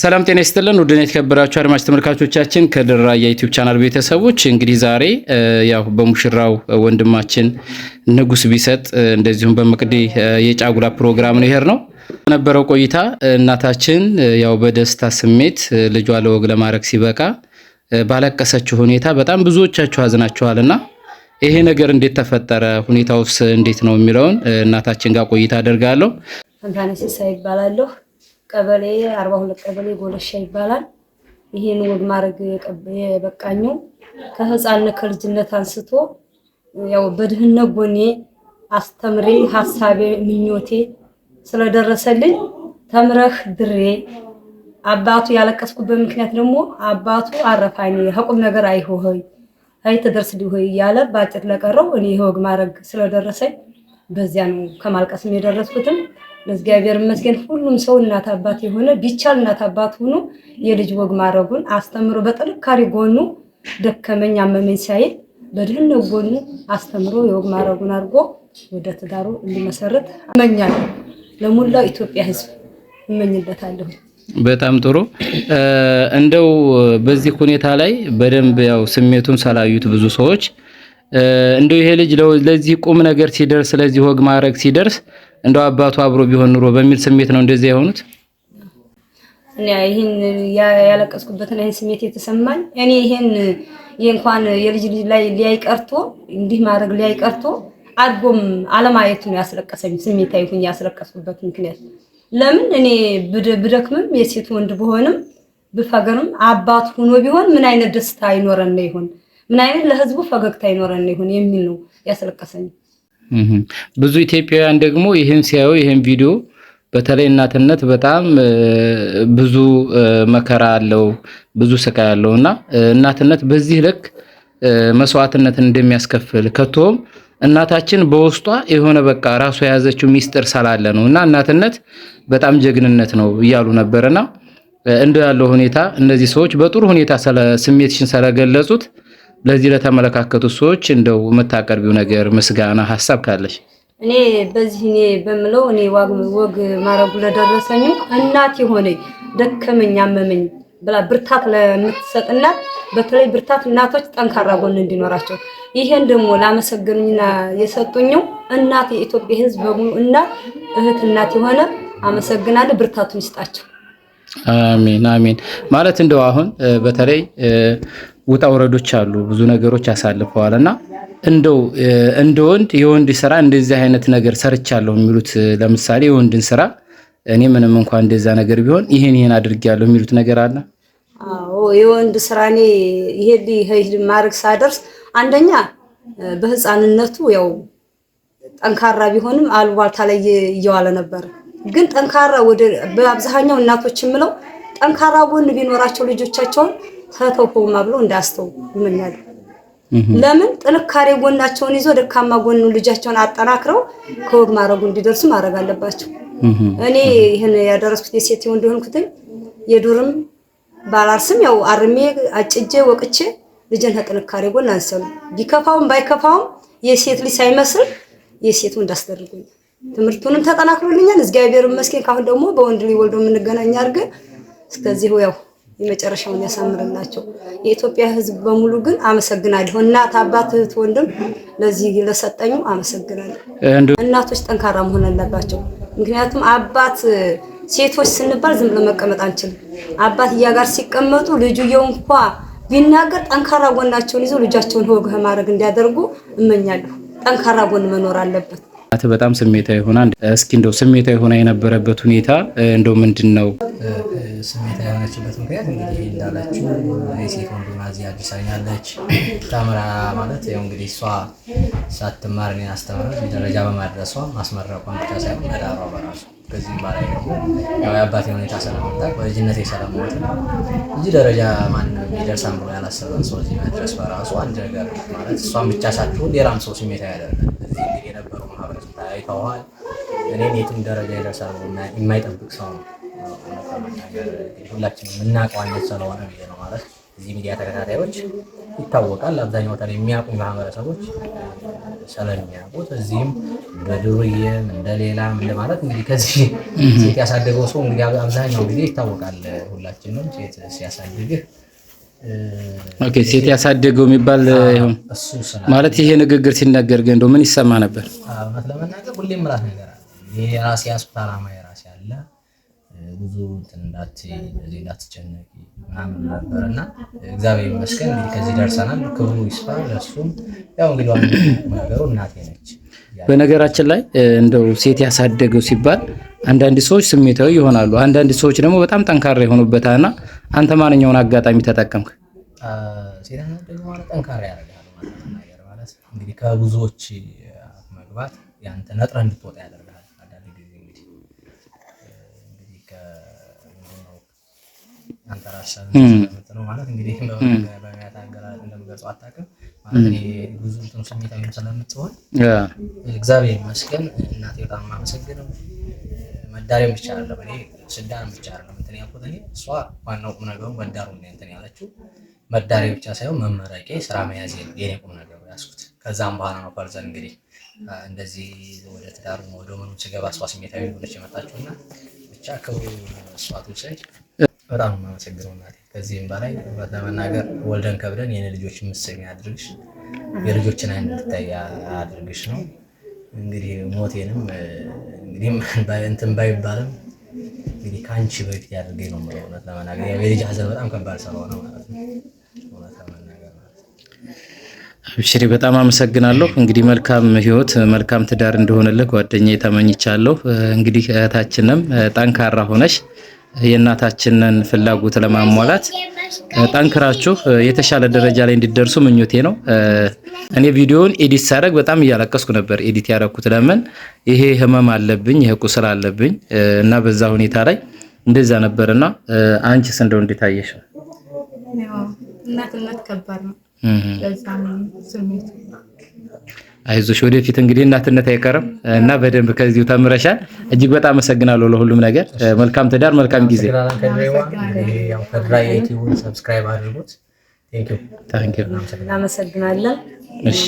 ሰላም ጤና ይስጥልን ውድን የተከበራችሁ አድማጭ ተመልካቾቻችን ከድራ የዩቲዩብ ቻናል ቤተሰቦች እንግዲህ ዛሬ ያው በሙሽራው ወንድማችን ንጉስ ቢሰጥ እንደዚሁም በመቅዲ የጫጉላ ፕሮግራም ነው ይሄር ነው ነበረው ቆይታ እናታችን ያው በደስታ ስሜት ልጇ ለወግ ለማድረግ ሲበቃ ባለቀሰችው ሁኔታ በጣም ብዙዎቻችሁ አዝናችኋል አዝናችኋልና ይሄ ነገር እንዴት ተፈጠረ፣ ሁኔታውስ እንዴት ነው የሚለውን እናታችን ጋር ቆይታ አደርጋለሁ። አንዳነሲሳ ይባላለሁ ቀበሌ አርባ ሁለት ቀበሌ ጎለሻ ይባላል። ይህን ወግ ማድረግ የበቃኙ ከህፃን ከልጅነት አንስቶ ያው በድህነት ጎኔ አስተምሬ ሀሳቤ ምኞቴ ስለደረሰልኝ ተምረህ ድሬ አባቱ ያለቀስኩበት ምክንያት ደግሞ አባቱ አረፋኝ ቁም ነገር አይሆ አይ ትደርስ ሊሆይ እያለ በአጭር ለቀረው እኔ ይህ ወግ ማድረግ ስለደረሰኝ በዚያ ነው ከማልቀስም የደረስኩትም። ለእግዚአብሔር ይመስገን ሁሉም ሰው እናት አባት የሆነ ቢቻል እናት አባት ሆኖ የልጅ ወግ ማድረጉን አስተምሮ በጥንካሬ ጎኑ ደከመኝ አመመኝ ሳይል በድህነት ጎኑ አስተምሮ የወግ ማድረጉን አድርጎ ወደ ትዳሩ እንዲመሰርት እመኛለሁ። ለሙላው ኢትዮጵያ ሕዝብ እመኝበታለሁ። በጣም ጥሩ። እንደው በዚህ ሁኔታ ላይ በደንብ ያው ስሜቱን ሳላዩት ብዙ ሰዎች እንደው ይሄ ልጅ ለዚህ ቁም ነገር ሲደርስ ለዚህ ወግ ማድረግ ሲደርስ እንደው አባቱ አብሮ ቢሆን ኑሮ በሚል ስሜት ነው እንደዚህ የሆኑት። እኔ ይሄን ያለቀስኩበትን ይሄን ስሜት የተሰማኝ እኔ ይሄን እንኳን የልጅ ልጅ ላይ ሊያይቀርቶ እንዲህ ማድረግ ሊያይቀርቶ አድጎም አለማየቱ ነው ያስለቀሰኝ። ስሜት አይሁን ያስለቀስኩበት ምክንያት ለምን እኔ ብደክምም የሴት ወንድ ብሆንም ብፈገርም አባት ሆኖ ቢሆን ምን አይነት ደስታ አይኖረን ነው ይሆን ምን አይነት ለህዝቡ ፈገግታ ይኖረን ይሁን የሚል ነው ያስለቀሰኝ። ብዙ ኢትዮጵያውያን ደግሞ ይህን ሲያዩ ይህን ቪዲዮ በተለይ እናትነት በጣም ብዙ መከራ አለው፣ ብዙ ስቃይ አለው እና እናትነት በዚህ ልክ መስዋዕትነት እንደሚያስከፍል ከቶም እናታችን በውስጧ የሆነ በቃ ራሱ የያዘችው ሚስጥር ስላለ ነው እና እናትነት በጣም ጀግንነት ነው እያሉ ነበርና እንደ ያለው ሁኔታ እነዚህ ሰዎች በጥሩ ሁኔታ ስሜትሽን ስለገለጹት ለዚህ ለተመለካከቱ ሰዎች እንደው የምታቀርቢው ነገር ምስጋና፣ ሀሳብ ካለሽ እኔ በዚህ እኔ በምለው እኔ ወግ ማረጉ ለደረሰኝ እናት የሆነኝ ደከመኝ አመመኝ ብላ ብርታት ለምትሰጥ እናት በተለይ ብርታት እናቶች ጠንካራ ጎን እንዲኖራቸው ይሄን ደግሞ ላመሰገኑኝና የሰጡኝው እናት የኢትዮጵያ ሕዝብ በሙሉ እና እህት እናት የሆነ አመሰግናለሁ። ብርታቱን ይስጣቸው። አሜን አሜን። ማለት እንደው አሁን በተለይ ውጣ ውረዶች አሉ፣ ብዙ ነገሮች አሳልፈዋል እና እንደው እንደ ወንድ የወንድ ስራ እንደዚህ አይነት ነገር ሰርቻለሁ የሚሉት ለምሳሌ የወንድን ስራ እኔ ምንም እንኳን እንደዛ ነገር ቢሆን ይሄን ይሄን አድርጌያለሁ የሚሉት ነገር አለ። አዎ የወንድ ስራ እኔ ይሄ ማድረግ ሳደርስ አንደኛ በህፃንነቱ ያው ጠንካራ ቢሆንም አልባልታ ላይ እየዋለ ነበር። ግን ጠንካራ ወደ በአብዛኛው እናቶች የምለው ጠንካራ ጎን ቢኖራቸው ልጆቻቸውን ከተውከውማ ብሎ እንዳስተው ይመኛሉ። ለምን ጥንካሬ ጎናቸውን ይዞ ደካማ ጎኑ ልጃቸውን አጠናክረው ከወግ ማድረጉ እንዲደርሱ ማድረግ አለባቸው። እኔ ይህን ያደረስኩት የሴት ወንድ ሆንኩትኝ የዱርም ባላርስም ያው አርሜ አጭጄ ወቅቼ ልጅን ከጥንካሬ ጎን አንሰሉ ቢከፋውም ባይከፋውም የሴት ልጅ ሳይመስል የሴት ወንድ አስደርጎኛል። ትምህርቱንም ተጠናክሮልኛል። እግዚአብሔር ይመስገን። ካሁን ደግሞ በወንድ ልጅ ወልዶ የምንገናኝ አድርገን እስከዚህ ያው የመጨረሻውን ያሳምርላቸው። የኢትዮጵያ ሕዝብ በሙሉ ግን አመሰግናለሁ። እናት፣ አባት፣ እህት፣ ወንድም ለዚህ ለሰጠኙ አመሰግናለሁ። እናቶች ጠንካራ መሆን አለባቸው። ምክንያቱም አባት ሴቶች ስንባል ዝም ብሎ መቀመጥ አንችልም። አባትያ ጋር ሲቀመጡ ልጅየው እንኳ ቢናገር ጠንካራ ጎናቸውን ይዘው ልጃቸውን ሆግ ማድረግ እንዲያደርጉ እመኛለሁ። ጠንካራ ጎን መኖር አለበት። በጣም ስሜታዊ ሆና እስኪ እንደው ስሜታዊ ሆና የነበረበት ሁኔታ እንደው ምንድን ነው? ስሜት የሆነችበት ምክንያት እንግዲህ እንዳለችው የሴት ወንድና እዚህ አዲስ አኛለች ተምራ ማለት ያው እንግዲህ እሷ ሳትማር እኔን አስተምረች ደረጃ በማድረሷ ማስመረቋን ብቻ ሳይሆን መዳሯ በራሱ ከዚህም በላይ ደግሞ ያው የአባቴ ሁኔታ ስለመጣ በልጅነት የሰለሞት እዚህ ደረጃ ማንም ይደርሳል ብሎ ያላሰበን ሰው እዚህ መድረስ በራሱ አንድ ነገር ማለት እሷን ብቻ ሳትሆን ሌላም ሰው ስሜት ያደርጋል። እዚህ እንግዲህ የነበረው ማህበረሰብ ታይተዋል። እኔም የትም ደረጃ ይደርሳል የማይጠብቅ ሰው ነው ሁላችንም የምናውቀው አይነት ስለሆነ ነው ማለት እዚህ ሚዲያ ተከታታዮች ይታወቃል። አብዛኛው ተለይ የሚያውቁኝ ማህበረሰቦች ስለሚያውቁት እዚህም እንደ ድሩዬም እንደ ሌላም ማለት እንግዲህ ከዚህ ሴት ያሳደገው ሰው እንግዲህ አብዛኛው ጊዜ ይታወቃል። ሁላችንም ሴት ሲያሳድግህ ኦኬ ሴት ያሳደገው የሚባል ማለት ይሄ ንግግር ሲነገር ግን ምን ይሰማ ነበር? እውነት ለመናገር ሁሌም ራስ ነገር አለ። የራሴ አስፓራማ የራሴ አለ ብዙ እንዳትይ እንደዚህ እንዳትጨነቂ ምናምን ነበር እና እግዚአብሔር ይመስገን እንግዲህ ከዚህ ደርሰናል። ክብሩ ይስፋ ለሱም። ያው እንግዲህ ዋና ነገሩ እናቴ ነች። በነገራችን ላይ እንደው ሴት ያሳደገው ሲባል አንዳንድ ሰዎች ስሜታዊ ይሆናሉ፣ አንዳንድ ሰዎች ደግሞ በጣም ጠንካራ የሆኑበታል እና አንተ ማንኛውን አጋጣሚ ተጠቀምክ? ሴት ያሳደገው ማለት ጠንካራ ያደርጋል ማለት ነው። እንግዲህ ከብዙዎች መግባት ያንተ ነጥረ እንድትወጣ ያደርጋል ማለት እንግዲህ በሚያት አገላለጥ እንደምገልጸው አታውቅም እግዚአብሔር ይመስገን እናቴ በጣም የማመሰግነው። መዳሪያም ብቻ አይደለም እኔ ስዳርም ብቻ አይደለም እንትን ያልኩት እኔ እሷ ዋናው ቁም ነገሩ መዳሩ እንትን ያለችው መዳሪያ ብቻ ሳይሆን መመረቄ ስራ መያዝ የኔ ቁም ነገሩ ያዝኩት። ከዛም በኋላ ነው ፈርዘን እንግዲህ እንደዚህ ወደ ትዳሩ ወደ ምኑ ስገባ እሷ ስሜታዊ ሆነች የመጣችው እና ብቻ ክብሩ እሷ ትውሰድ በጣም የማመሰግነው እናቴ። ከዚህም በላይ እውነት ለመናገር ወልደን ከብደን የኔ ልጆች የምትሰሚ አድርግሽ፣ የልጆችን አይነት እንድታይ አድርግሽ ነው እንግዲህ ሞቴንም እንግዲህ እንትን ባይባልም እንግዲህ ከአንቺ በፊት ያድርገኝ ነው የምለው። እውነት ለመናገር የልጅ ሀዘን በጣም ከባድ ስለሆነ ማለት ነው። እውነት ለመናገር አብሽሪ፣ በጣም አመሰግናለሁ። እንግዲህ መልካም ህይወት፣ መልካም ትዳር እንደሆነልህ ጓደኛ ተመኝቻለሁ። እንግዲህ እህታችንም ጠንካራ ሆነሽ የእናታችንን ፍላጎት ለማሟላት ጠንክራችሁ የተሻለ ደረጃ ላይ እንዲደርሱ ምኞቴ ነው። እኔ ቪዲዮውን ኤዲት ሳደርግ በጣም እያለቀስኩ ነበር። ኤዲት ያደረኩት ለምን ይሄ ህመም አለብኝ፣ ይሄ ቁስል አለብኝ እና በዛ ሁኔታ ላይ እንደዛ ነበርና አንቺስ እንደው እንዴት አየሽ? እናትነት ከባድ ነው። አይዞሽ ወደፊት እንግዲህ እናትነት አይቀርም እና በደንብ ከዚሁ ተምረሻል። እጅግ በጣም አመሰግናለሁ ለሁሉም ነገር። መልካም ትዳር፣ መልካም ጊዜ። ሰብስክራይብ አድርጉት። እናመሰግናለን። እሺ